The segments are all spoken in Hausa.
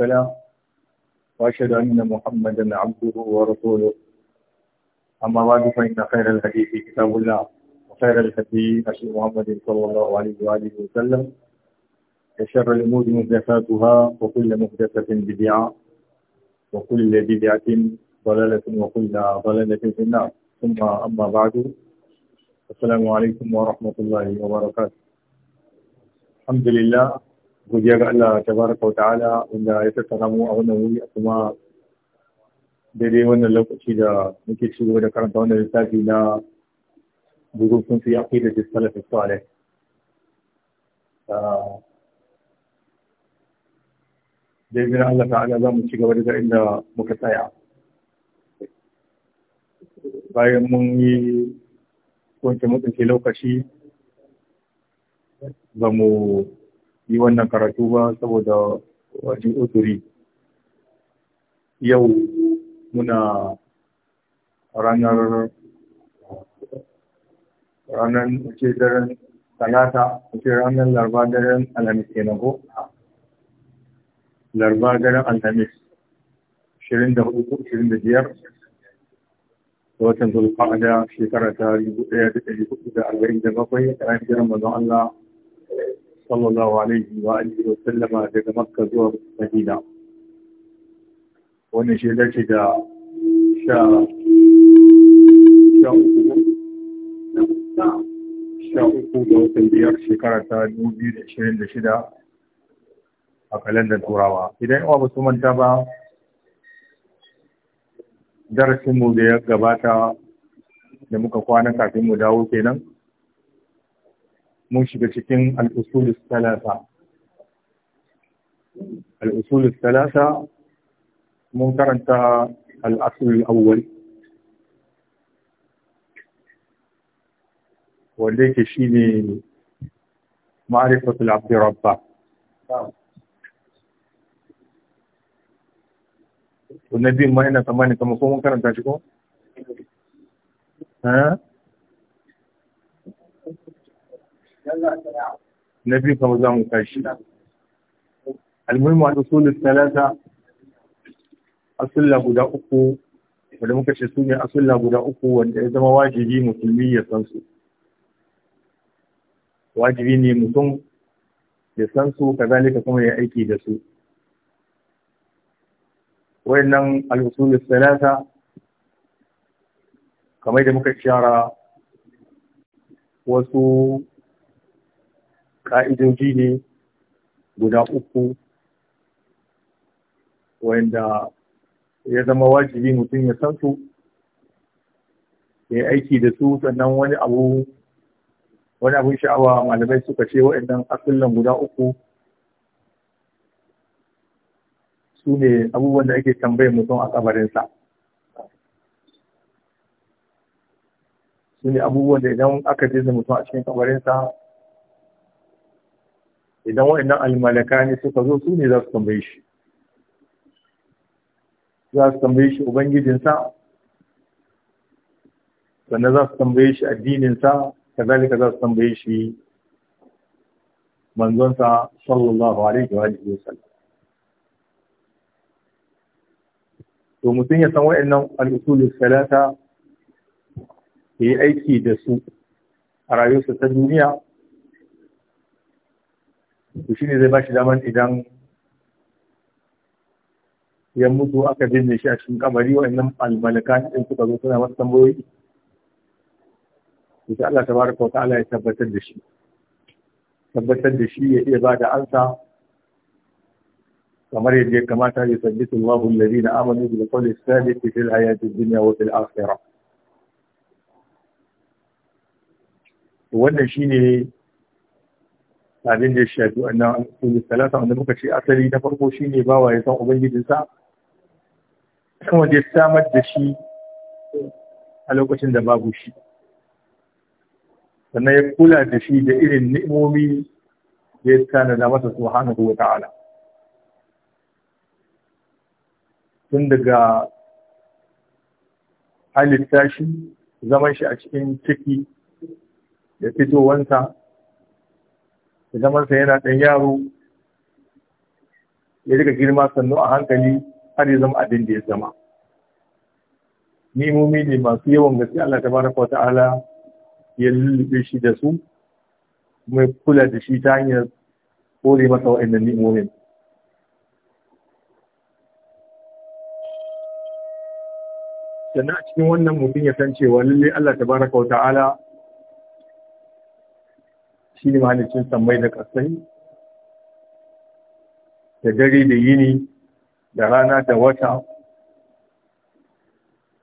والسلام وأشهد أن محمدا عبده ورسوله أما بعد فإن خير الحديث كتاب الله وخير الهدي هدي محمد صلى الله عليه وآله وسلم وشر الأمور محدثاتها وكل محدثة بدعة وكل بدعة ضلالة وكل ضلالة في النار ثم أما بعد السلام عليكم ورحمة الله وبركاته الحمد لله godiya ga Allah baraka wa ta'ala wanda ya tattara mu a wannan wuri kuma daidai wannan lokaci da muke ci gaba da karanta wannan littafi na bugun sun fi yaƙi da salaf salih ah, da Allah ta'ala za mu ci gaba daga inda muka tsaya bayan mun yi wanke mutunce lokaci ba mu yi wannan karatu ba saboda wajen uturi yau muna ranar ranar ce daren talata ce ranar larba daren alhamis ke nago larba daren alhamis 24-25 watan zulfa'ada shekara ta 1447 a ranar ramadan Allah sallallahu alaihi wa alihi wa sallama daga makka zuwa madina wannan shaida ce da sha sha uku da uku watan biyar shekara ta dubu biyu da shida a kalandar turawa idan yawa ba su manta ba darasinmu da ya gabata da muka kwana kafin mu dawo kenan منشد شكين الأصول الثلاثة الأصول الثلاثة منكر أنت الأصل الأول وليك شيء معرفة العبد ربا والنبي ما هنا ثمانية تمصوم منكر أنت شكو ها na fi kama za mu tashi almuhimmu a usulul talata asulla guda uku wanda muka ce su ne asulla guda uku wanda ya zama wajibi musulmi ya san su wajibi ne mutum ya san su kazalika kuma ya aiki da su wayannan al-usul salata kamar da muka shara wasu Ka'idoji ne guda uku wanda ya zama wajibi mutum ya san su ya aiki da su sannan wani abu wani abun sha'awa malamai suka ce waɗannan asullan guda uku su ne abubuwan da ake tambayin mutum a kabarinsa su ne abubuwan da idan aka jirgin mutum a cikin kabarinsa idan waɗannan almalakani suka zo su ne za su tambaye shi za su tambaye shi ubangijinsa sannan za su tambaye shi addininsa kazalika za su tambaye shi manzonsa sallallahu alaihi wa alihi wasallam to mutum ya san waɗannan al'usul salata ya yi aiki da su a rayuwarsa ta duniya to shine zai ba shi daman idan ya mutu aka binne shi a cikin kabari wa'annan almalaka in suka zo suna wasu tambayoyi to Allah tabaraka wa ta'ala ya tabbatar da shi tabbatar da shi ya iya ba da kamar yadda ya kamata ya sabbitu Allahu alladhina amanu bil qawli sabit al hayati ad-dunya wa fil akhirah wannan shine abin da ya shafi wannan al'ummar talata wanda muka ce asali na farko shi ne ba wa ya san ubangijinsa wanda ya samar da shi a lokacin da babu shi sannan ya kula da shi da irin ni'imomi da ya tanada masa hana wa ta'ala tun daga halitta shi zaman shi a cikin ciki da fitowansa zamansa yana ɗan yaro ya rika girma sannu a hankali har ya zama abin da ya zama nimomi ne masu yawan gaske Allah ta baraka wata ala ya lullube shi da su mai kula da shi ta hanyar kore masa wa'annan nimomin sannan a cikin wannan mutum ya san cewa lallai Allah ta baraka wa ala shi ne mahalicin sammai da ƙasai da dare da yini da rana da wata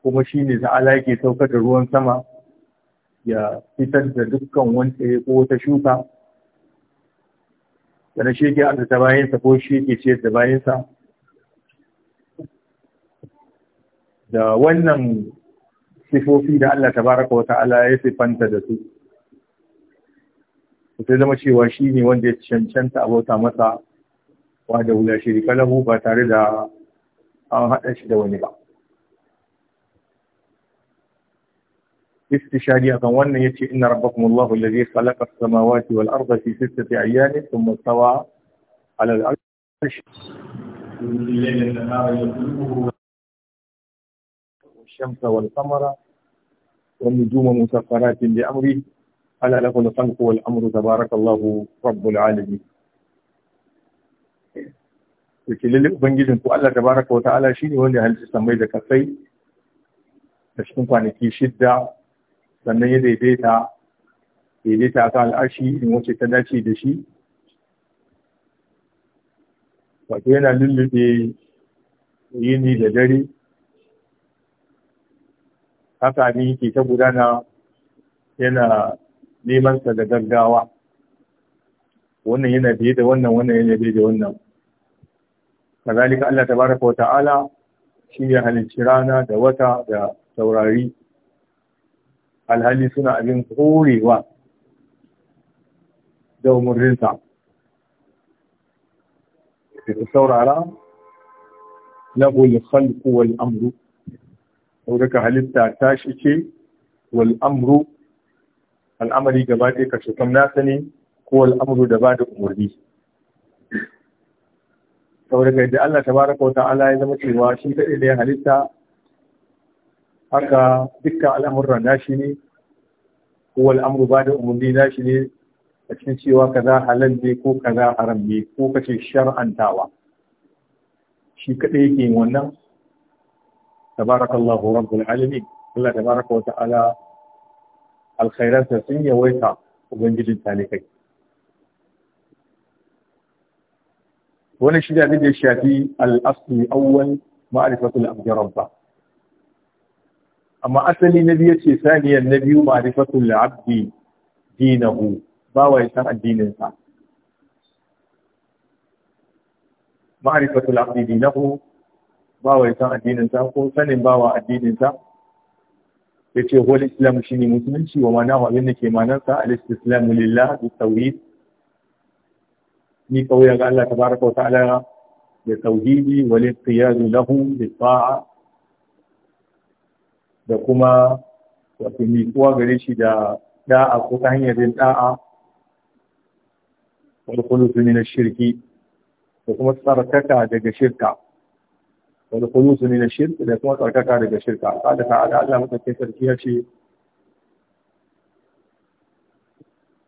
kuma shi ne ta'ala yake saukar da ruwan sama ya fitar da dukkan wanda ya ko shuka da shi yake arzata bayansa ko shi yake ciyar da bayansa da wannan sifofi da Allah tabaraka wa ta'ala ya sifanta da su sai zama cewa shi ne wanda ya cancanta a bauta masa wa da wula shi ba tare da an haɗa shi da wani ba shari akan wannan yace inna rabbakum allah alladhi khalaqa as-samawati wal arda fi sittati ayyamin thumma istawa ala al wani والشمس والقمر والنجوم مسخرات بأمره ألا له الخلق والأمر تبارك الله رب العالمين yake lalle ubangijin ku Allah tabaraka wa ta'ala shine wanda halitta mai da kasai da cikin kwanaki shidda sannan ya daidaita daidaita ka al'ashi in wace ta dace da shi wato yana lullube yini da dare haka ne yake ta gudana yana neman da gaggawa wannan yana biye da wannan wannan yana biye da wannan kazalika Allah tabaraka wata'ala shi ya halicci rana da wata da saurari. alhali suna abin korewa da umarninsa da ta saurara lahul khalqu wal amru saboda halitta ta shi ce wal amru al'amari gaba ɗaya ka shukam nasa ne ko al'amuru da ba da umarni Sau daga yadda Allah tabaraka wa ya zama cewa shi kaɗai da ya halitta haka dukkan al'amuran shi ne ko al'amuru ba da umarni shi ne a cikin cewa ka za halal ne ko ka za haram ne ko ka ce shar'antawa shi kaɗai yake yin wannan tabarakallahu rabbul alamin Allah tabaraka wa ta'ala alkhairansa sun yawaita ubangijin talikai wani shi da ya shafi al'asli awwal ma'arifatul abdi amma asali na biyu ce saniyar na biyu ma'arifatul abdi dinahu ba wa san addininsa ma'arifatul abdi dinahu ba wa san addininsa ko sanin ba wa addininsa ya ce wal islam shi ne musulunci wa mana abin da ke manarsa al islamu lillah bi tawhid ni kawai ga Allah tabaraka wa ta'ala da tauhidi wal qiyad lahu bi ta'a da kuma wato ni kuwa gare shi da da'a ko ta hanyar yin da'a wal khulus min ash-shirki da kuma tsarkaka daga shirka wani kunu su ne na shirka da kuma tsarkaka daga shirka a da ta'ala Allah matsakin sarki ya ce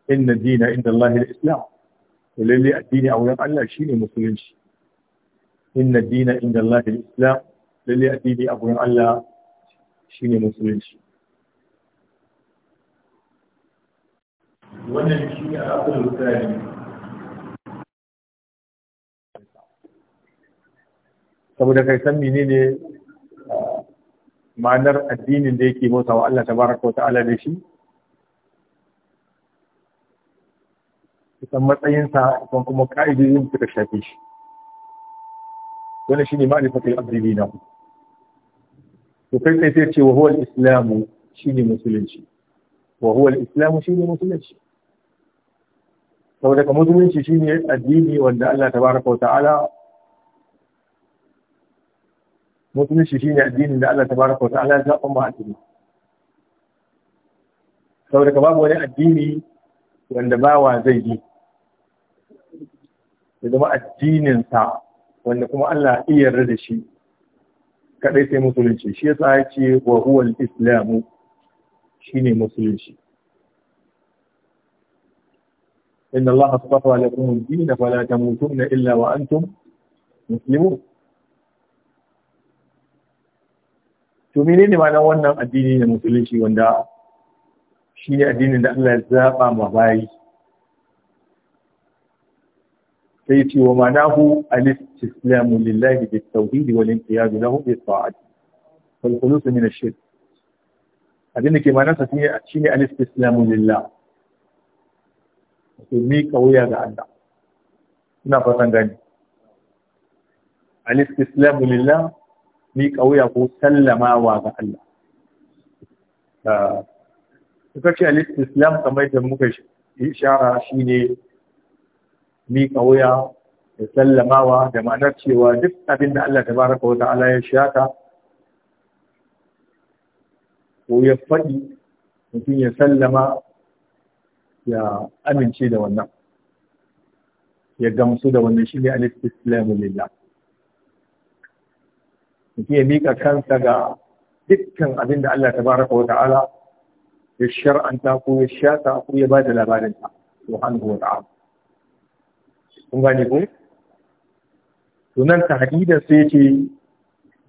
inna dina inda Allah islam to lalle addini a wurin Allah shine musulunci inna dina inda Allah islam lalle addini a wurin Allah shine musulunci wannan shi ne a asali saboda kai san ne ma'anar addinin da yake bauta wa Allah tabaraka wa ta'ala da shi san matsayin sa kuma ka'idodin da shafe shi wannan shine ma'rifatul abdi na to kai sai sai ce wa huwa al-islamu shine musulunci wa huwa al-islamu shine musulunci saboda kuma musulunci shine addini wanda Allah tabaraka wa ta'ala musulunci shine addinin da Allah tabaraka wa ta'ala ya zaɓa mu addini ka babu wani addini wanda bawa zai yi ya zama addininsa wanda kuma Allah iya yarda da shi kadai sai musulunci shi yasa ya ce wa huwa al shi ne musulunci inna Allah astafa lakum ad-din fala tamutunna illa wa antum to ne ma'anar wannan addini na musulunci wanda shi ne addinin da Allah ya zaɓa ma bayi sai ce wa manahu alif islamu lillahi bi tauhidi wal inqiyad lahu bi ta'ati wal khulus min ash-shirk abin da ke ma'anar sa shine alif islamu lillah to mi kauya ga Allah ina fatan gani alif islamu lillah ni kauya ko sallamawa ga Allah ah, suka ce al-islam kamar da muka ishara shine ni kauya da sallamawa da ma'anar cewa duk abin da Allah tabaraka wa ta'ala ya shata ko ya faɗi mutum ya sallama ya amince da wannan ya gamsu da wannan shi ne al-islamu lillah mutum ya mika kansa ga dukkan abin da Allah baraka wa ta'ala ya shar'anta ko ya shata ko ya bada labarin ta subhanahu wa ta'ala kun gane ko to nan hadida sai ce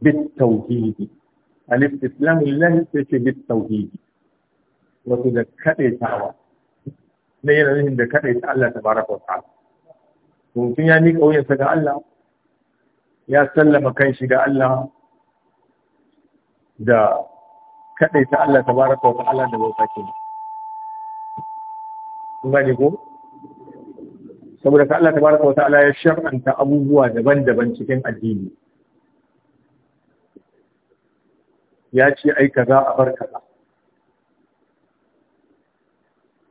bit tauhidi alif islamu lillahi sai ce bit tauhidi wato da kadaitawa na yanayin da ta Allah ta baraka wa ta'ala mutum ya miƙa wuyansa ga Allah ya sallama kan shi ga Allah da kaɗai ta Allah ta baraka wa ta'ala da bauta ke gani ko saboda ka Allah ta baraka wa ta'ala ya shar'anta abubuwa daban-daban cikin addini ya ce ai kaza a bar kaza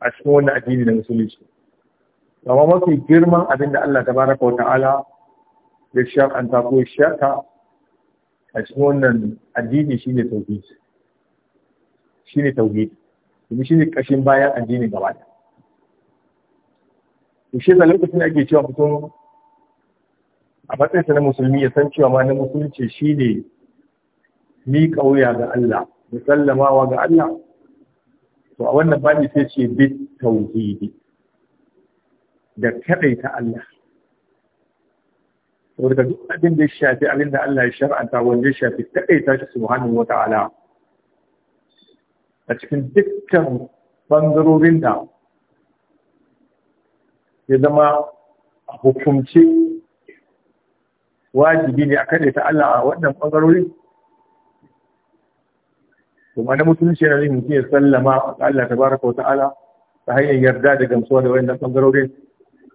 a cikin wannan addini da musulunci amma mafi girman abin da Allah ta baraka wa ta'ala ya shar'anta ko shaka a cikin wannan addini shine tauhid shine tauhid kuma shine kashin bayan addini gaba ɗaya to shi lokacin da ake cewa mutum a matsayinsa na musulmi ya san cewa ma na musulunci shine miƙa wuya ga Allah da sallamawa ga Allah to a wannan bani sai ce bit tauhidi da kaɗaita Allah saboda duk abin da ya shafi abin da Allah ya shar'anta wanda ya shafi takaita shi subhanahu wa ta'ala a cikin dukkan bangarorin da ya zama a hukumce wajibi ne a ta Allah a wannan bangarorin kuma na mutunci yana yin mutum ya sallama ga Allah baraka wa ta'ala ta hanyar yarda da gamsuwa da wannan bangarorin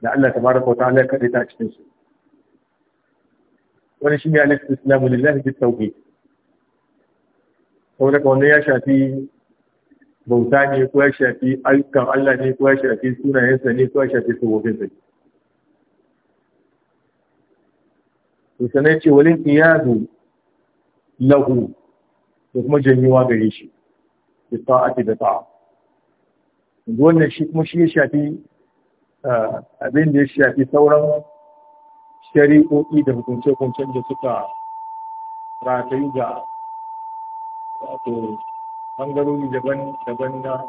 da Allah ta baraka wa ta'ala ya ta cikinsu. su wani shi ne al-istislamu lillahi bi tawhid saboda ka wannan ya shafi bauta ne ko ya shafi alkan Allah ne ko ya shafi sunayensa ne ko ya shafi sabobinsa ne to sanai ce walin iyazu lahu da kuma janyuwa gare shi da ta'ati da ta'a wannan shi kuma shi ya shafi ah, abin da ya shafi sauran shari'o'i da hukunce-hukuncen da suka ratayi ga wato ɓangarori daban-daban na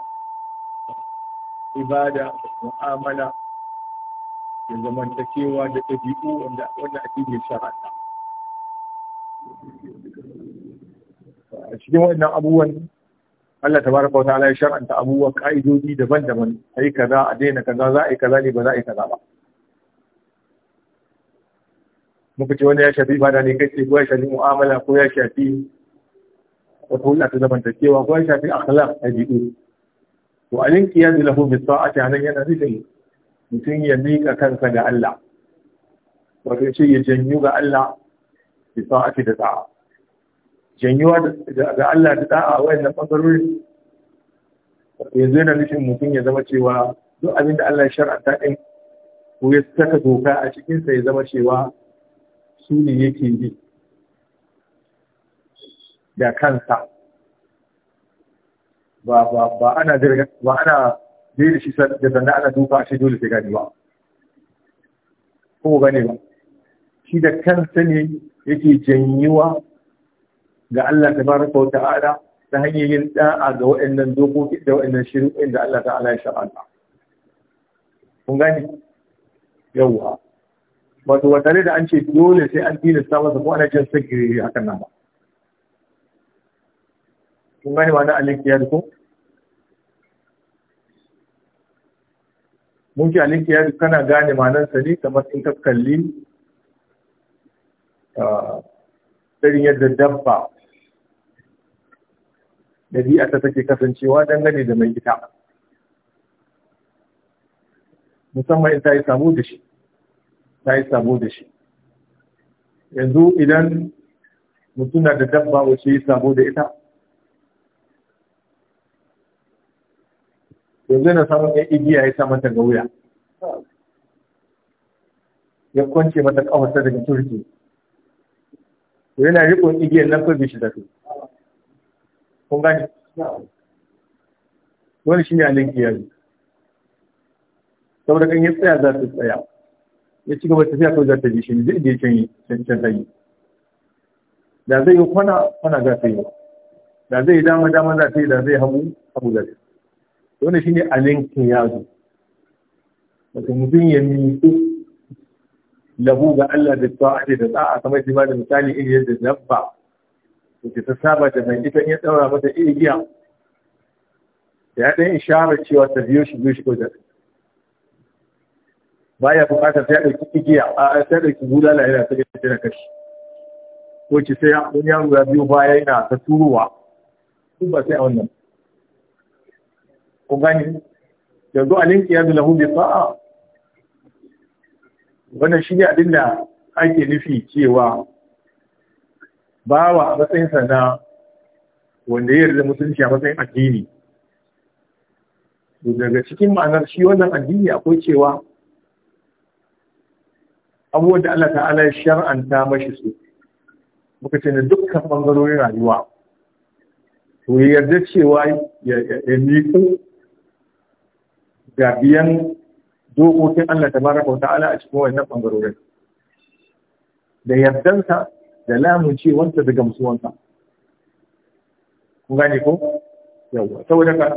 ibada mu'amala da zamantakewa da ɗabi'u wanda wanda ake yin sharaɗa a cikin waɗannan abubuwan Allah ta baraka wa ta'ala ya shar'anta abubuwan ka'idodi daban-daban ai kaza a daina kaza za a yi kaza ne ba za a yi kaza ba muka ce wani ya shafi da ne kai ko ya shafi mu'amala ko ya shafi wata hulɗa ta cewa ko ya shafi akhlaq a jiɗu to yin qiyam lahu bi sa'ati anan yana nufin mutum ya miƙa kansa ga Allah wato ce ya janyu ga Allah bi sa'ati da ta'a janyuwa ga Allah da ta'a wayannan bangarori yanzu yana nufin mutum ya zama cewa duk abin da Allah ya shar'anta ɗin ko ya saka doka a cikinsa ya zama cewa su ne yake yi da kansa ba ba ba ana da ba ana shi da sanda ana dufa shi dole sai gani ba ko gane ba shi da kansa ne yake janyuwa ga Allah rufa Wata Ala ta hanyoyin yin da'a ga waɗannan dokoki da waɗannan shirin da Allah Ta ala ya sha'ala kun gani yawa wato ba tare da an ce dole sai an tilasta masa ko ana jin sagiri a kan nan kun gane ma na ya ko mun ce alinkiyar kana gane ma nan ne kamar in ka kalli ah, irin yadda dabba ɗabi'a ta take kasancewa dangane da mai ita musamman in ta yi samu da shi ta yi sabo da shi yanzu idan mutum na da dabba wacce yi sabo da ita yanzu yana samun ya igiya ya sa mata ga wuya ya kwance mata kawasa daga turki yana rikon igiyar nan kwabi shi da su kun gani wani shi ne a alin kiyari saboda kan yi tsaya za su tsaya ya ci gaba tafiya kawai za ta ji shi zai da can can ta yi da zai yi kwana kwana za ta yi da zai yi dama dama za ta yi da zai hagu hagu za ta yi shi ne a linkin yazo wata mutum ya miƙo labu ga Allah da ake da a kamar shi ba da misali iri yadda dabba da ta saba da mai ita ya daura mata igiya ya ɗan isharar cewa ta biyo shi biyo shi ko ba ya bukatar ta ɗauki igiya a ta ɗauki na yana ta gaske da kashi ko ki sai wani yaro ya biyo baya yana ta turuwa su ba sai a wannan ku gani yanzu a linki yadda lahu bi sa'a wannan shi ne abin da ake nufi cewa bawa a matsayinsa na wanda ya yarda musulunci a matsayin addini daga cikin ma'anar shi wannan addini akwai cewa abubuwan da Allah ta'ala ya shar'anta mashi su muka ce na dukkan ɓangarorin rayuwa to ya yarda cewa ya miƙo ga biyan dokokin Allah ta baraka wa ta'ala a cikin wannan ɓangarorin da yardansa da lamuncewarsa da gamsuwansa kun gane ko yawa saboda ka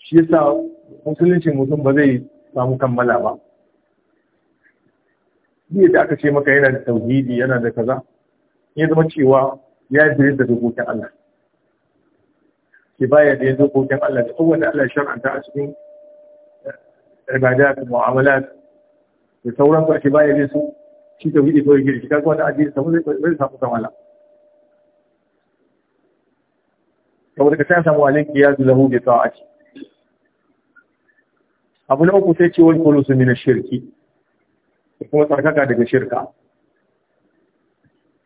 shi yasa musulunci mutum ba zai samu kammala ba duk da aka ce maka yana da tauhidi yana da kaza ya zama cewa ya yi da dokokin Allah Ke baya da dokokin Allah da kowanne Allah ya shar'anta a cikin eh, ibadat mu'amalat da sauran a ke baya da su shi tauhidi ko yake shi kaga wannan addini samu zai samu kamala saboda ka san samu alin da lahu bi ta'ati abu na uku sai ce wal khulusu min ash-shirki da kuma tsarkaka daga shirka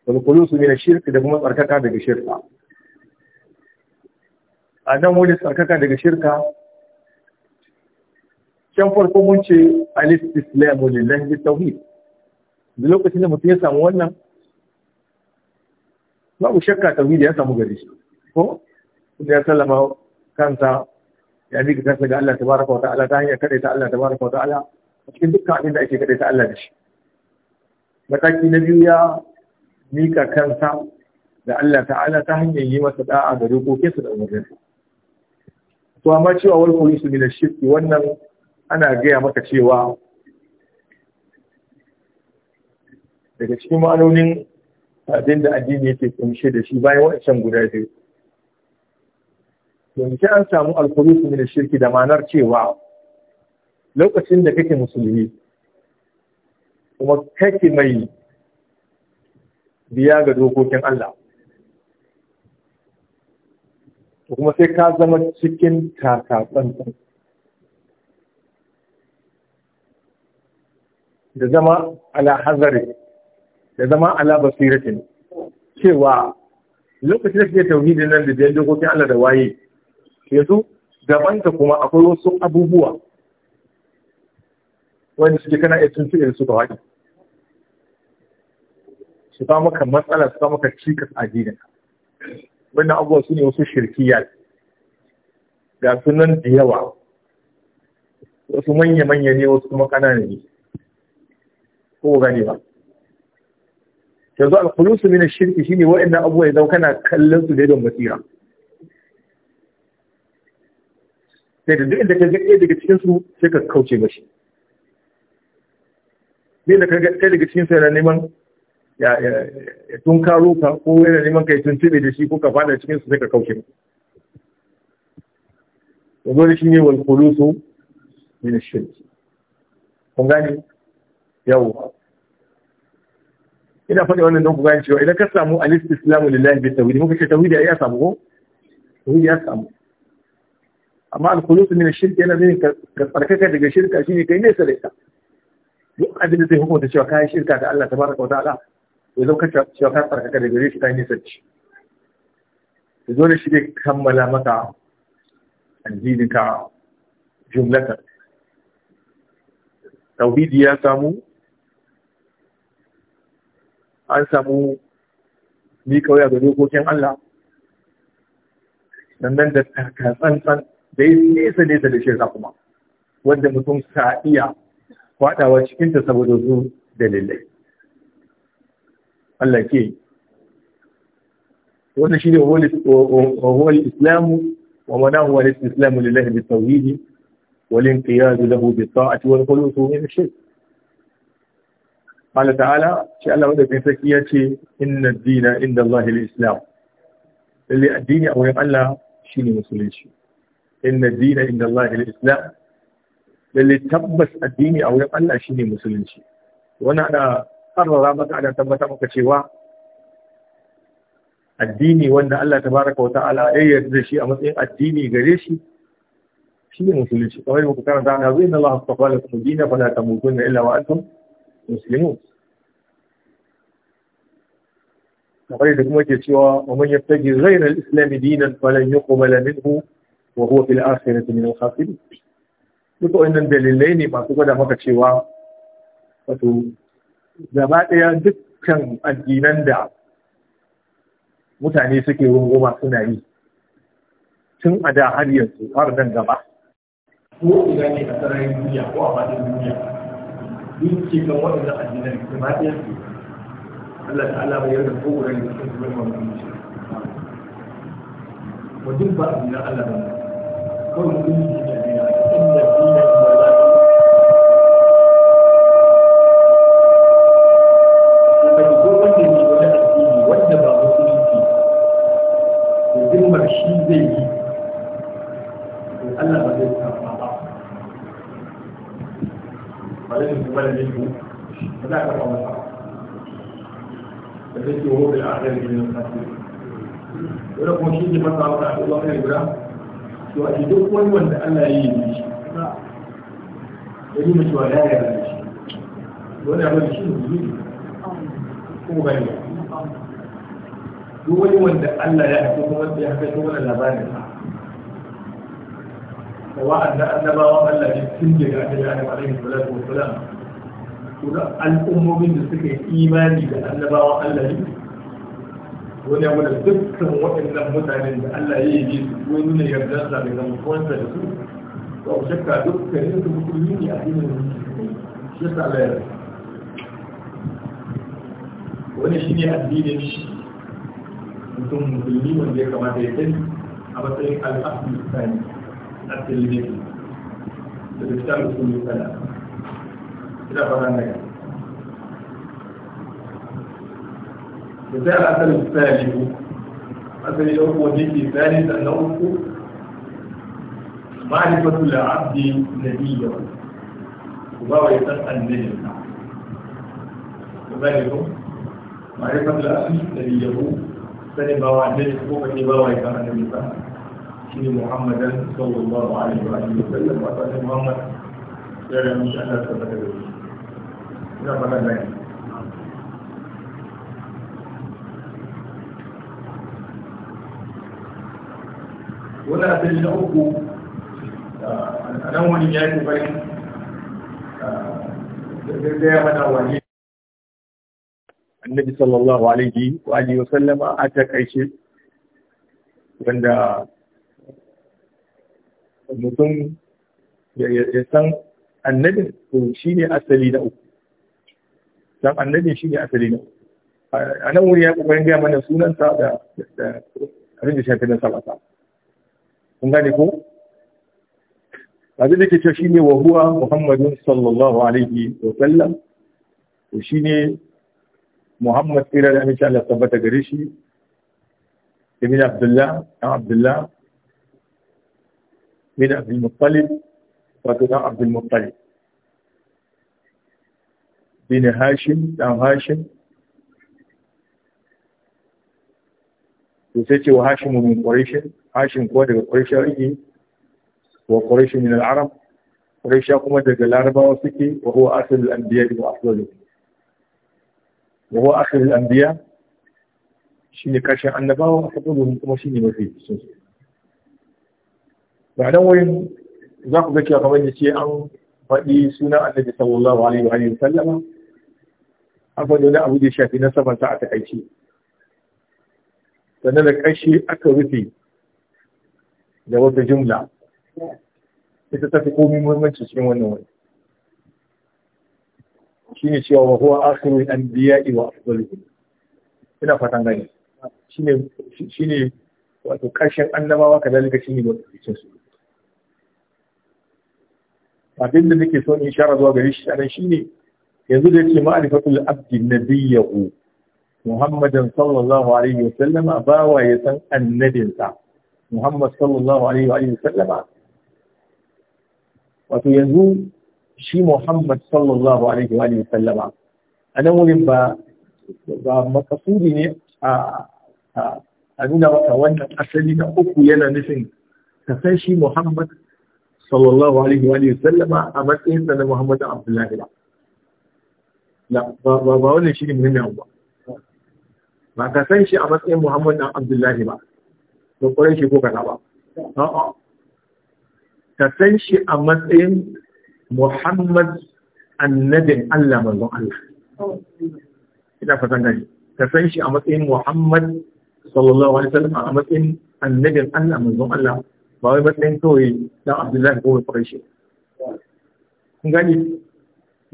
wal khulusu min shirka da kuma tsarkaka daga shirka a nan wani tsarkaka daga shirka can farko mun ce al-istislamu lillahi bi tauhid da lokacin da mutum ya samu wannan babu shakka tauhid ya samu gari ko kuma ya sallama kansa ya bi kansa ga Allah ta baraka wa ta'ala ta hanyar kaɗai ta Allah ta baraka wa ta'ala cikin dukkan abin da ake kaɗai ta Allah da shi mataki na biyu ya mika kansa da Allah ta'ala ta hanyar yi masa da'a da dokokinsa da umarninsa to amma cewa wani khulusu su ash-shirki wannan ana gaya maka cewa daga cikin ma'anonin abin da addini yake kunshe da shi bayan wancan guda biyu yanzu an samu al-khulusu min shirki da ma'anar cewa lokacin da kake musulmi kuma kake mai biya ga dokokin Allah kuma sai ka zama cikin takatsantsan da zama ala hazari da zama ala basiratin cewa lokacin da ke tauhidin nan da biyan dokokin Allah da waye yanzu gaban da kuma akwai wasu abubuwa Wani suke kana iya cin irin su da su ba maka matsala su ba maka cikas a jinin wannan abuwa su ne wasu shirkiya ga sunan da yawa wasu manya-manya ne wasu kuma ƙanana ne ko gane ba yanzu alkulusu mina shirki shine waɗannan abuwa ya zama kana kallon su daidon yadda basira sai da duk inda ka ga ɗaya daga cikinsu su sai ka kauce mashi zai da kaga ɗaya daga cikin yana neman ya karo ka ko yana neman kai tun tuntube da shi ko ka fada su sai ka kauce zo da shi ne wal kulusu min shirki kun gani yawa ina faɗi wannan don ku gane cewa idan ka samu al-istislamu lillahi bi tawhid muka ce tawhid ya samu ko tawhid ya samu amma al-khulus min yana nufin ka tsarkaka daga shirka shine kai ne sai duk abin da zai hukunta cewa kayan shirka da Allah ta tabaraka wa ta'ala ya zo kacce cewa ka tsarkaka da gare shi ta yi sarki ya zo da shi zai kammala maka ka jumlatar tauhidi ya samu an samu ni kawai ga dokokin Allah sannan da tsantsan da ya nesa nesa da shirka kuma wanda mutum sa iya faɗawa cikinta saboda su dalilai Allah ke wannan shi ne wahol islamu wa manahu wal islamu lillahi bi tawhidi wal inqiyadu lahu bi ta'ati wal khulusu min shirk Allah ta'ala shi Allah wanda kai saki ya ce inna ad-dina inda Allah al-islam lalle addini a wurin Allah shine musulunci inna ad-dina inda Allah al-islam lalle tabbas addini a wurin Allah shine musulunci wannan da karrara maka da tabbata maka cewa addini wanda Allah ta baraka tabaraka wata'ala ya yarda shi a matsayin addini gare shi shi ne musulunci kamar muka karanta na zuwa Allah tabaraka wa ta'ala dina fala tamutunna illa wa antum muslimun kamar da kuma ke cewa wa man yattaji ghayra al-islam dinan falan yuqbala minhu wa huwa fil akhirati min al-khasirin duka wannan dalilai ne masu gwada maka cewa wato gaba ɗaya dukkan addinan da mutane suke rungoma suna yi tun a da har yanzu har nan gaba ko ina ne a sararin duniya ko a faɗin duniya duk ke kan waɗannan addinan gaba ɗaya su Allah ta'ala bai yarda ko wurin da suke zuwa mamaki wajen ba a addinan Allah ba ne kawai mutum ne wani wanda Allah ya yi shi yanzu mutu wa ya yarda shi wani abin da shi ne ko gani duk wani wanda Allah ya haifi kuma ya haifi kuma labarin sa sawa'an da annabawa Allah ne tun daga annabi Adam alaihi salatu wassalam to da al'ummomin da suka yi imani da annabawa Allah ne wani abu da dukkan waɗannan mutanen da Allah ya yi su wani ne yarda da zama kwanta da su ba ku shakka duk karin da musulmi ne a cikin shi yasa Allah ya wani shi ne addinin mutum musulmi wanda ya kamata ya sani a matsayin al'adu sani a tilimin da ta fitar musulmi sana ina fara na ga da sai al'asar sani asali ɗauko wanda ke sani sannan uku معرفة العبد نبيا وبابا يسأل من وذلك معرفة العبد نبيا سنة بابا النبي حقوقة بابا يسأل النبي شيء محمدا صلى الله عليه وآله وسلم وأتى محمد يا من شاء الله سبحانه وتعالى ina faɗa da ni wani asali a nan wani ya yi kokarin zai mana wani annabi sallallahu alaihi wa alihi wa sallama a takaice wanda mutum ya san annabin shi ne asali na uku san annabin shi ne asali na uku a nan wuri ya kokarin gaya mana sunansa da abin da shafi na sabata kun gane ko abin da ke ce shine wa huwa muhammadin sallallahu alaihi wa sallam to shine muhammad tsira da amince Allah tabbata gare shi ibn abdullah dan abdullah min abdul muttalib wato dan abdul muttalib bin hashim dan hashim to sai ce wa hashimu min quraish hashim ko daga quraish yake wa quraish min al-arab quraish kuma daga larabawa suke wa huwa asl al-anbiya wa afdalu wa huwa asl al-anbiya shine kashin annabawa afdalu kuma shi ne mafi sun ba dan wurin za ku ga cewa kamar yace an faɗi suna annabi sallallahu alaihi wa sallama an faɗi wani abu da shafi na sabansa a takaice sannan da ƙarshe aka rufe da wata jumla ita ta fi komi muhimmanci cikin wannan wani Shi ne cewa wa huwa akhirul anbiya'i wa afdaluhum ina fatan gani shine shine wato karshen annabawa kadalika shine da cikin su abin da nake so in shara zuwa gare shi shi shine yanzu da yake ma'rifatul abdi nabiyyahu muhammadan sallallahu alaihi wa sallama bawa ya san annabinsa muhammad sallallahu alaihi wa sallama wato yanzu shi Muhammad sallallahu alaihi wa sallama a nan wurin ba ba makasudi ne a a nuna maka wannan asali na uku yana nufin ka san shi Muhammad sallallahu alaihi wa sallama a matsayin sa na Muhammad Abdullahi ba ba ba wannan shi ne muhimmin ba ba ka san shi a matsayin Muhammad Abdullahi ba to kwarai shi ko kaza ba a'a ka san shi a matsayin Muhammad annabin Allah manzon Allah ina fatan gani ka san shi a matsayin Muhammad sallallahu alaihi wasallam a matsayin annabin Allah manzon Allah ba wai matsayin kawai dan Abdullahi ko Quraishi kun gani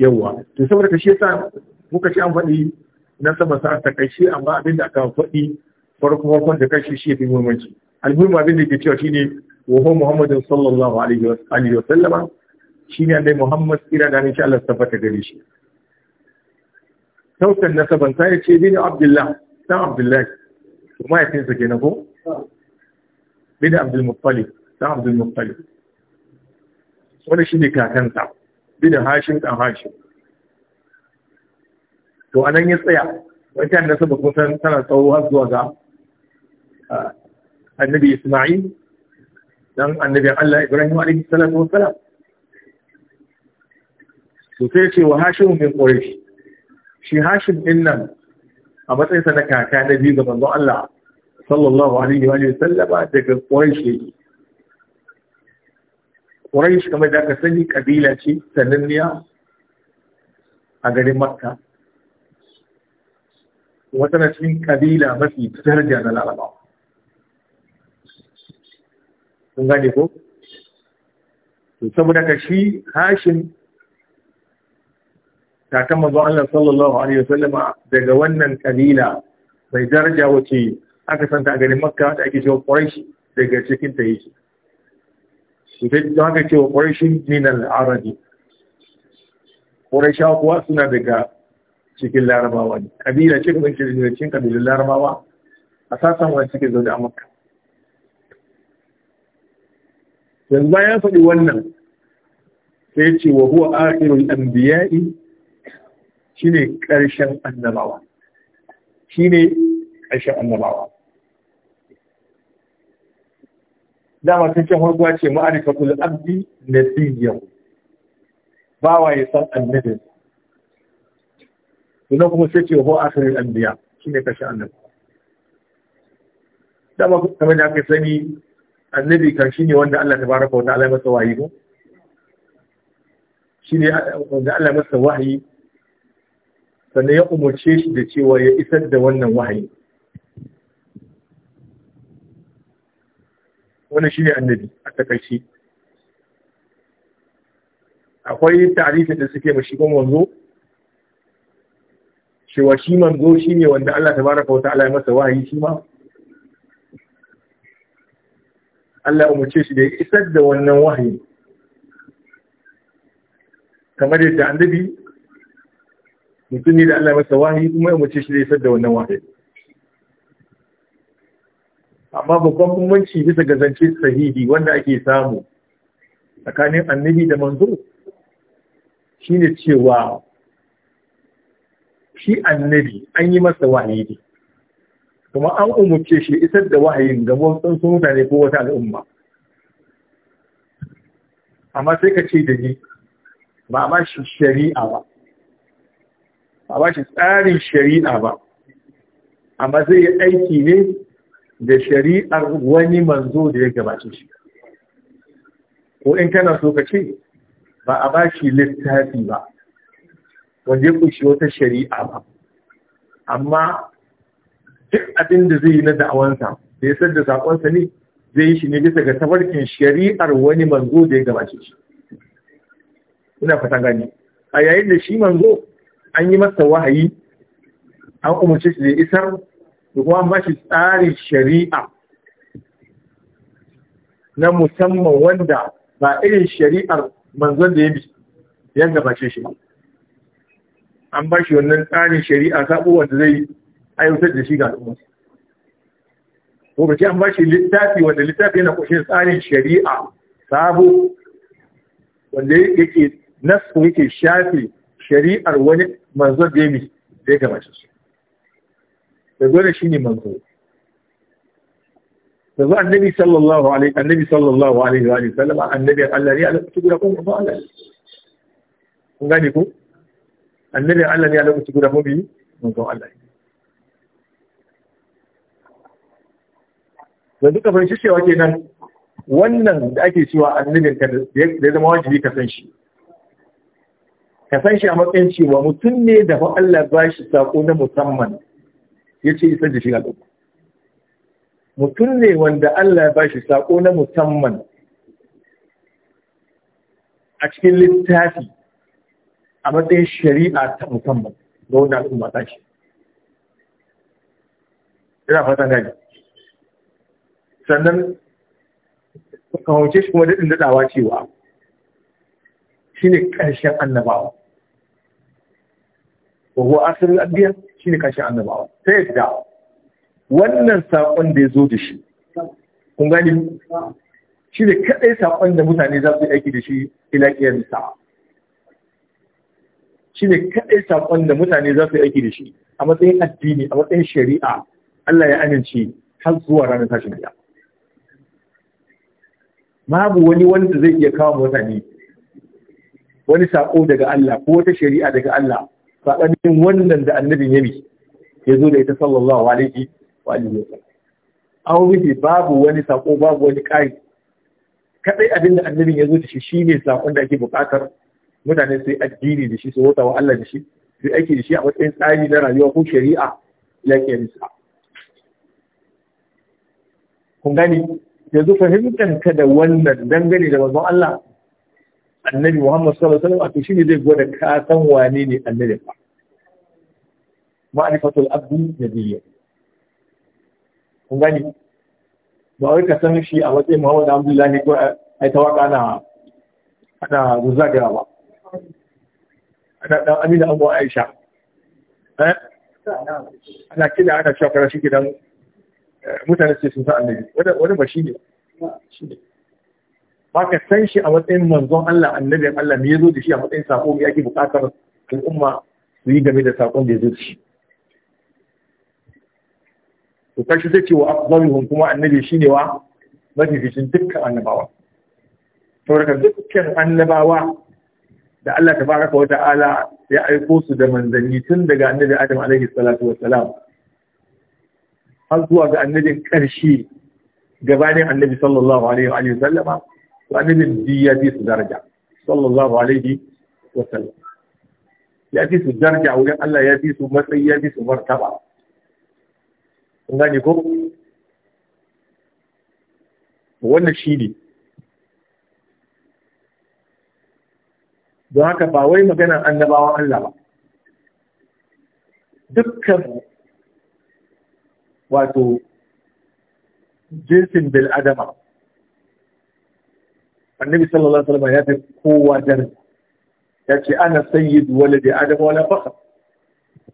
yawa to saboda kashi yasa muka ci an faɗi na sama sa ta kashi amma abin da aka faɗi farko farkon da kashi shi ya fi muhimmanci almuhimmin abin da ke cewa shine وهو محمد صلى الله عليه وسلم شيني عند محمد إلى أن إن شاء الله سبت قريش سوت النسب أن تاني شيء بين عبد الله تا عبد الله وما يتنسى كنه بين عبد المطلب تا عبد المطلب ولا شيء ذكاء كنتا بين هاشم تا هاشم تو أنا يسيا وإن كان نسبك مثلا سنة أو هزوة آه، النبي إسماعيل dan annabi Allah Ibrahim alaihi salatu wassalam to sai ce wa hashim min quraish shi hashim din nan a sa na kaka da bi ga manzon Allah sallallahu alaihi wa alihi sallama daga quraish yake quraish kamar da ka sani kabila ce sananniya a garin makka wata na cikin kabila mafi daraja da larabawa sun gane ko to saboda ka shi hashin kakan manzon Allah sallallahu alaihi wasallam daga wannan kabila mai daraja wace aka santa a garin Makka da ake cewa Quraish daga cikin ta yake shi ta da aka cewa Quraish min al-Arabi Quraish kuwa suna daga cikin Larabawa ne kabila ce kuma cikin kabilan Larabawa a sasan wani suke zaune a Makka yanzu ba ya faɗi wannan sai ce wa huwa akhirul anbiya'i shine ƙarshen annabawa shine ƙarshen annabawa dama sun can harkuwa ce kula abdi nabiyyan bawa ya san annabin suna kuma sai ce wa huwa akhirul shi shine ƙarshen annabawa dama kuma da aka sani annabi kan shine wanda Allah Ta tabaraka wanda ta'ala masa wahayi ko ne wanda Allah masa wahayi sannan ya umarce shi da cewa ya isar da wannan wahayi wannan ne annabi a takaici. akwai tarifin da suke mashi gon wanzo cewa shi manzo ne wanda Allah tabaraka wa wata ya masa wahayi shi ma Allah ya umarce shi da ya isar da wannan wahayi kamar yadda annabi mutum ne da Allah masa wahayi kuma ya umarce shi da ya isar da wannan wahayi amma babban bambanci bisa ga zance sahihi wanda ake samu tsakanin annabi da manzo shine cewa shi annabi an yi masa wahayi kuma an umurce shi isar da wahayin ga wasu mutane ko wata al'umma amma sai ka ce da ni ba ba shi shari'a ba ba ba shi tsarin shari'a ba amma zai yi aiki ne da shari'ar wani manzo da ya gabace shi ko in kana so ka ce ba a ba shi littafi ba wanda ya kunshi wata shari'a ba amma duk abin da zai yi na da'awansa da ya da saƙonsa ne zai yi shi ne bisa ga tafarkin shari'ar wani manzo da ya gabace shi ina fatan gani a yayin da shi manzo an yi masa wahayi an umarci shi da isar da kuma ba shi tsarin shari'a na musamman wanda ba irin shari'ar manzon da ya bi ya gabace shi ba. an ba shi wannan tsarin shari'a sabo wanda zai aiwatar da shi ga al'umma ko ba ce an bashi littafi wanda littafi yana kushe tsarin shari'a sabo wanda yake nasu yake shafi shari'ar wani manzo da ya da ya gabace su da dole shi ne manzo da zuwa annabi sallallahu alaihi annabi sallallahu alaihi wa sallama annabi Allah ne Allah guda kuma ba Allah kun gane ko annabi Allah ne Allah guda kuma bi mun ga Allah ne da duka fahimci cewa kenan wannan da ake cewa annabin ka da ya zama wajibi ka san shi ka san shi a matsayin cewa mutum ne da fa Allah ba shi sako na musamman ya ce isar da shi al'umma mutum ne wanda Allah ya ba shi sako na musamman a cikin littafi a matsayin shari'a ta musamman ga wanda al'umma ta shi ina fata gani sannan kawance shi kuma daɗin daɗawa cewa shi ne ƙarshen annabawa wawo asirin abiya shi ne ƙarshen annabawa ta yadda wannan saƙon da ya zo da shi kun gani shi ne kaɗai saƙon da mutane za su yi aiki da shi ilaƙiyar sa'a shi ne kaɗai saƙon da mutane za su yi aiki da shi a matsayin addini a matsayin shari'a Allah ya amince har zuwa ranar tashin biya babu wani wanda zai iya kawo mutane wani sako daga Allah ko wata shari'a daga Allah saɓanin wannan da annabin bi ya zo da ita sallallahu alaihi wa alihi wa sallam an rufe babu wani sako babu wani ƙari kadai abin da annabin ya zo da shi shine sakon da ake buƙatar mutane su yi addini da shi su wata wa Allah da shi su aiki da shi a matsayin tsari na rayuwa ko shari'a ya ke nisa kun gani yanzu fahimtanka da wannan dangane da mazan Allah annabi Muhammad sallallahu alaihi wasallam shi ne zai gwada kasan wane ne annabi ma'arifatul abdu nabiyya kun gani ba wai ka san shi a matsayin Muhammad Abdullahi ko ai waka na ana ruzaga ba ana dan Amina Abu Aisha eh ana kida ana shakara shi gidan mutane ce sun san annabi wani ba shi ne shi ne ba ka san shi a matsayin manzon Allah annabin Allah me zo da shi a matsayin sako me yake bukatar al'umma su yi game da sakon da zo da shi to kashi zai ce wa afdaluhum kuma annabi shine wa mafificin dukkan annabawa saboda dukkan annabawa da Allah tabaraka wa ta'ala ya aiko su da manzanni tun daga annabi Adam alaihi salatu wa salam har zuwa ga annabin ƙarshe gabanin annabi sallallahu alaihi wa sallama to annabin bi ya fi su daraja sallallahu alaihi wa sallam ya fi su daraja wurin Allah ya fi su matsayi ya fi su martaba kun gane ko wannan shi ne don haka ba wai maganar annabawan Allah ba dukkan wato jinsin bil'adama annabi sallallahu alaihi wasallam ya fi kowa daraja ya ce ana sayyidu waladi adama wala fakhar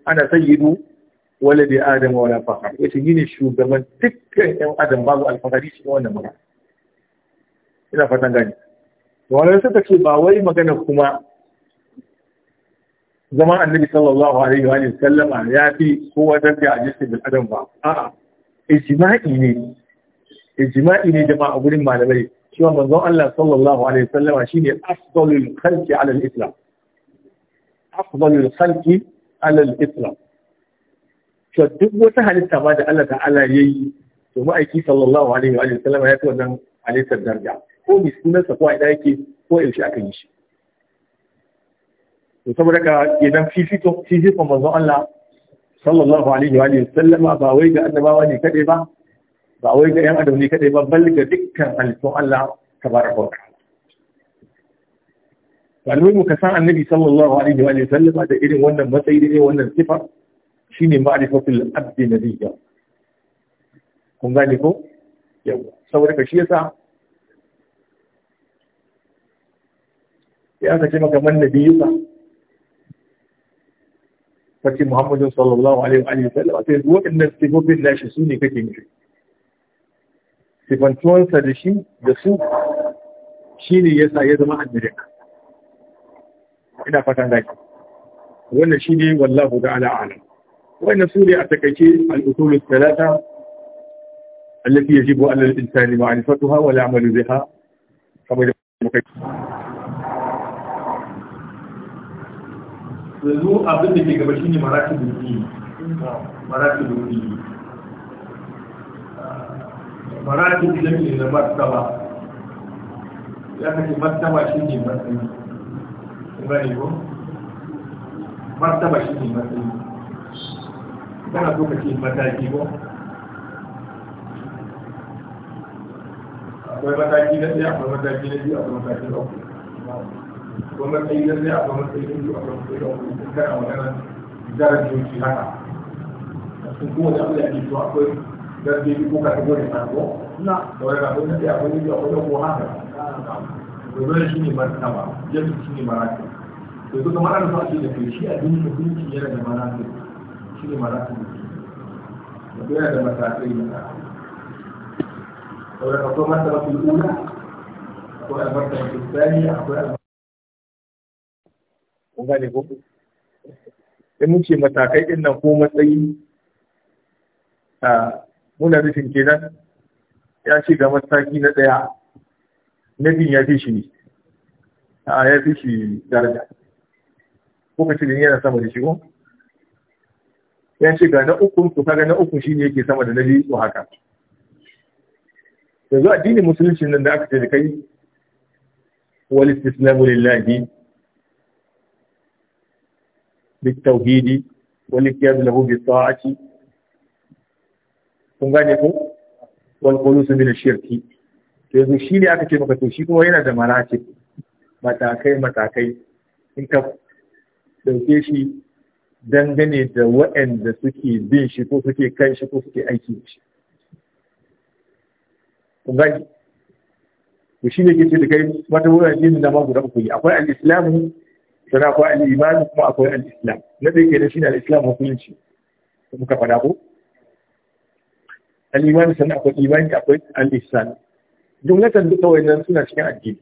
ana sayyidu waladi adama wala fakhar Ya ni yini shugaban dukkan yan adam babu alfahari shi wannan magana ina fatan gani to wannan ta ce ba wai magana kuma zaman annabi sallallahu alaihi wa sallama ya fi kowa daraja a jinsin bil adam ba a'a ijma'i ne ijma'i ne jama'a a gurin malamai cewa manzon Allah sallallahu alaihi wasallama shine afdalul khalqi ala al-islam afdalul khalqi ala al-islam to duk wata halitta ba da Allah ta'ala yayi to ma'aiki sallallahu alaihi wa sallama ya fi wannan halittar daraja ko misunansa ko a yake ko yaushe aka yi shi to saboda ka idan fifito fifiko manzon Allah sallallahu alaihi wa sallama ba wai ga annabawa ne kadai ba ba wai ga yan adam ne kadai ba bal ga dukkan halittun Allah tabaraka wa ta'ala Walwai ka san annabi sallallahu alaihi wa sallama da irin wannan matsayi da wannan sifa shine ma'rifatul abdi nabiyya kun gane ko yawa saboda ka shi yasa ya aka ce maka man nabiyyu kace Muhammadu sallallahu alaihi wa alihi wasallam sai waɗannan sifofin nashi su ne kake nufi sifantuwansa da shi da su shi ne ya sa ya zama annabin ina fatan zaki wannan shi ne wallahu da ala alam wannan su ne a takaice al'usulun talata التي يجب على الإنسان معرفتها والعمل بها كما yanzu abin da ke gaba shi ne maraki burki maraki burki maraki jami'i da martaba ya kace martaba shi ne matsayi gane ko martaba shi ne matsayi kana so ka ce mataki ko akwai mataki na ɗaya akwai mataki na biyu akwai mataki na uku ko matsayi sai a ga matsayi na biyu a ga matsayi da uku a magana darajoji haka sun kowane abu da ke to akwai darajoji ko na ko na da wani abu na na akwai na ko haka domin shi ne yadda shi ne marakin to duka ma'anar sa ake da kai shi a duniya hukunci yana da shi ne marakin da yana da matakai kun gane ko sai mun ce matakai din nan ko matsayi a muna rufin kenan ya ce ga mataki na ɗaya na bin ya fi shi ne a ya fi shi daraja ko ka ce yana sama da shi ko ya ce ga na ukun ko kaga na ukun shine yake sama da na biyu ko haka yanzu addinin musulunci nan da aka ce da kai wal istislamu lillahi بالتوحيد والاكتياب له بالطاعة kun gane ko wal qulus min shirki to yanzu shi ne aka ce maka to shi kuma yana da maratib matakai dangane da waɗanda suke bin shi ko suke kai shi ko suke aiki da shi kun gane to shi ne ke ce da kai wata wurin addini da ma guda uku akwai al-islamu sana akwai al'imani kuma akwai al'islam na ɗaya shi ne al'islam hukunci da muka faɗa ko al'imani sannan akwai imani akwai al'islam jumlatan duka wayannan suna cikin addini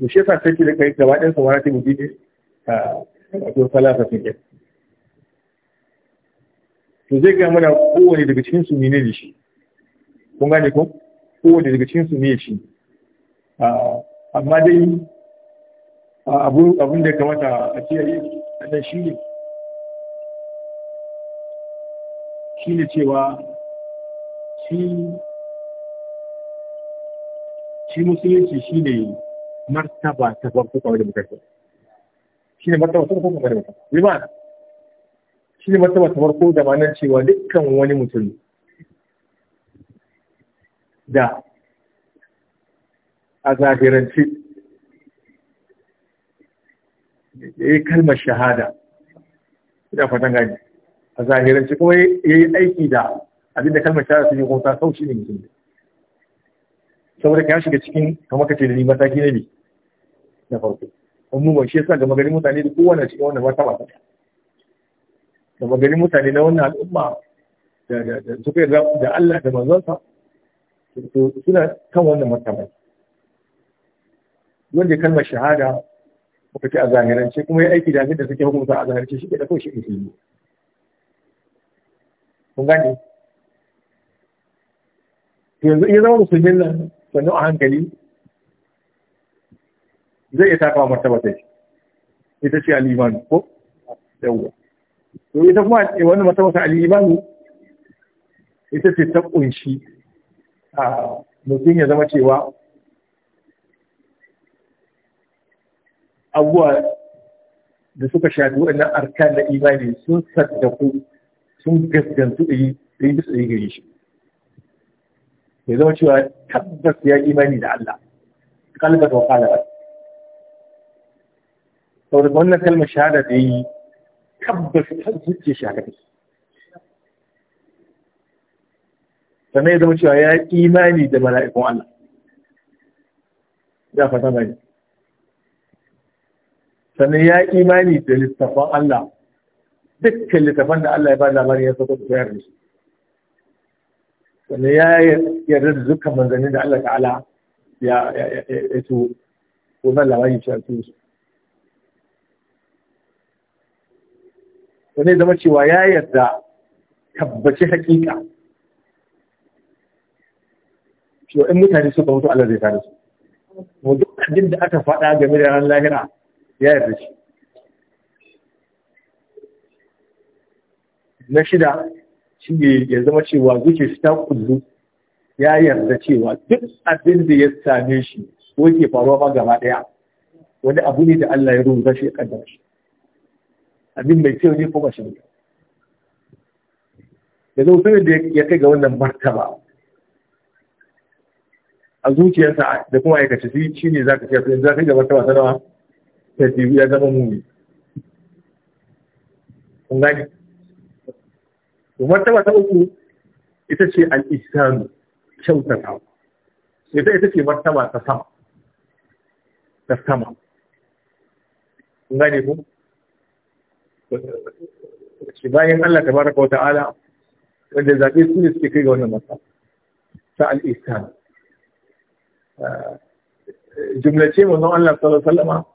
to shi yasa sai da kai gaba ɗayan samara ta mutum a wato falasa sun yi to zai ga mana kowane daga cikin su ne shi kun gane ko kowane daga cikin su ne shi amma dai abun da kamata a kiyaye nan shi ne shi ne cewa shi musulunci shi ne martaba ta farko kawai da mutane. shi ne martaba ta farko kawai da mutane ba shi ne martaba ta farko da nan cewa dukkan wani mutum da a zahirance yayi kalmar shahada ina fatan gani a zahirance kuma ya yi aiki da abin da kalmar shahada suke kuma ta kaushi ne mutum saboda ka shiga cikin kamar ka ce da ni mataki na bi na farko amma ba shi yasa ga magarin mutane da kowane cikin wannan wata wata da magarin mutane na wannan al'umma da suka da Allah da manzonsa suna kan wannan martaba wanda kalmar shahada muka a zahirance kuma ya aiki da da suke hukunta a zahirance shi ke da kawai shi ke yi kun gane yanzu iya zama musulmin nan sannu a hankali zai iya taka martaba ta shi ita ce al'imanu ko yawwa to ita kuma eh, wani martaba ta al'imanu ita ce ta kunshi a ah, mutum ya zama cewa abubuwa da suka shafi waɗannan arkan na imani sun saddaku sun gaskantu da yi bisa yi gari shi ya zama cewa tabbas ya imani da Allah kalbar wa sau da wannan kalmar shahada da yi tabbas ta zuce shahada sannan ya zama cewa ya imani da mala'ikun Allah Ya fata bane sannan ya imani da littafan Allah dukkan littafan da Allah ya ba labarin ya sako da koyar da shi sannan ya yarda da dukkan manzanni da Allah ta'ala ya ya su wannan labarin shi a cikin sannan zama cewa ya yarda tabbaci hakika cewa in mutane suka mutu Allah zai kare su mu duk abin da aka faɗa game da ran lahira ya yarda shi na shida shi ne ya zama cewa zuke shi ta kullu ya yarda cewa duk abin da ya same shi ko ke faruwa ma gaba daya wani abu ne da Allah ya rubuta shi ya kaddara shi abin mai kyau ne ko ba shi ne da zo sai da ya kai ga wannan martaba a zuciyarsa da kuma aikace shi ne zaka ce sai zaka ga martaba ta nawa ta biyu ya zama mumi kun gani martaba ta uku ita ce al-ihsanu kyautatawa ita ita ce martaba ta sama ta sama kun gane ku shi bayan Allah tabaraka wata'ala wanda zaɓe su ne suke kai ga wannan martaba ta al-ihsan eh, jumlace manzon Allah sallallahu alaihi wasallama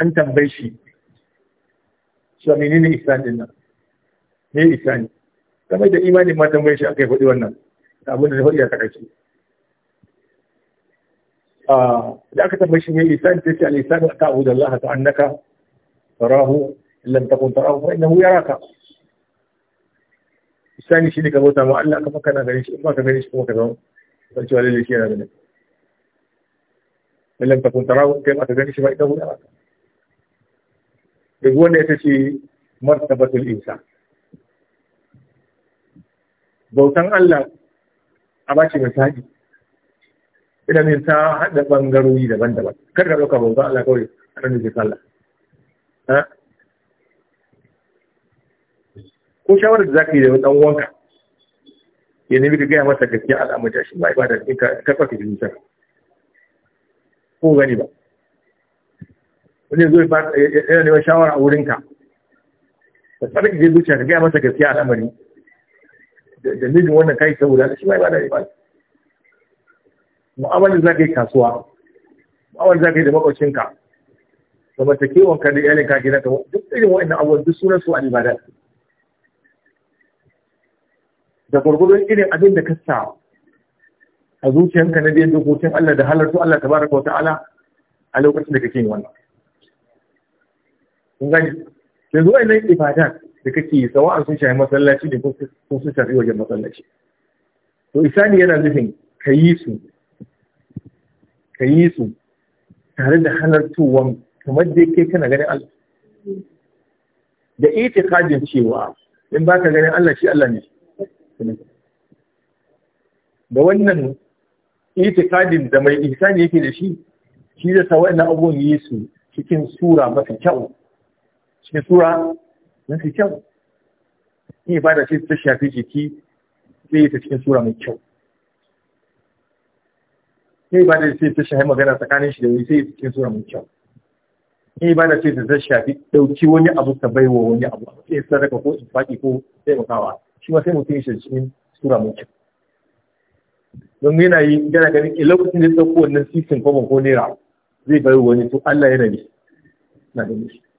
an tambayi shi cewa menene ihsan din nan ne ihsani kamar da imanin ma tambayi shi aka yi faɗi wannan abin da ya faɗi a takaice da aka tambayi shi me ihsan ta ce al-ihsan ta abuda Allah ta annaka Farahu, illam takun tarahu fa innahu yaraka ihsani shi ne ka bauta ma Allah ka maka na gare shi in ba ka gare shi kuma ka zama ban cewa lalle shi yana ganin illam takun tarahu kai ba ka gare shi ba idan yaraka duk wanda ita ce martabatul insa bautan Allah a bace mai sadi idan ne ta hada bangarori daban-daban kar ka ɗauka bautan Allah kawai a ɗan nufin sallah ko shawarar da za yi da ɗan wanka ya nemi ka gaya masa gaskiya al'amuri shi ba ibada in ka karɓa ka jini ko gani ba wani zo ya neman shawara a wurinka da tsarki zai zuciya ka gaya masa gaskiya a lamari da nijin wannan kai saboda shi ma ibada ne ba mu'amalar za ka yi kasuwa mu'amalar za ka yi da makwacinka da mata kewan ka da iyalin ka gina ka duk irin wa'annan abubuwan duk sunan su a ibada da gwargwadon irin abin da ka sa a zuciyanka na biyan dokokin Allah da halartu Allah tabaraka wa ta'ala a lokacin da kake yin wannan kun gani yanzu nan ibadan da kake yi an sun shafi masallaci ne ko sun shafi wajen masallaci to isani yana nufin ka yi su ka yi su tare da tuwon kamar da yake kana ganin Allah da itikadin cewa in ba ka ganin Allah shi Allah ne da wannan itikadin da mai ihsani yake da shi shi da sa na abubuwan yi su cikin sura mafi kyau cikin sura don su kyau in da ce ta shafi jiki zai yi ta cikin sura mai kyau in da ce ta shafi magana tsakanin shi da wani sai yi ta cikin sura mai kyau in da ce ta shafi ɗauki wani abu ta bai wa wani abu sai sadaka ko in faɗi ko taimakawa shi ma sai mutum ya shi cikin sura mai kyau don yana yi gana ganin a eh, lokacin da ya ɗauko wannan sisin kwamon ko naira zai bai wani to Allah yana ne na da shi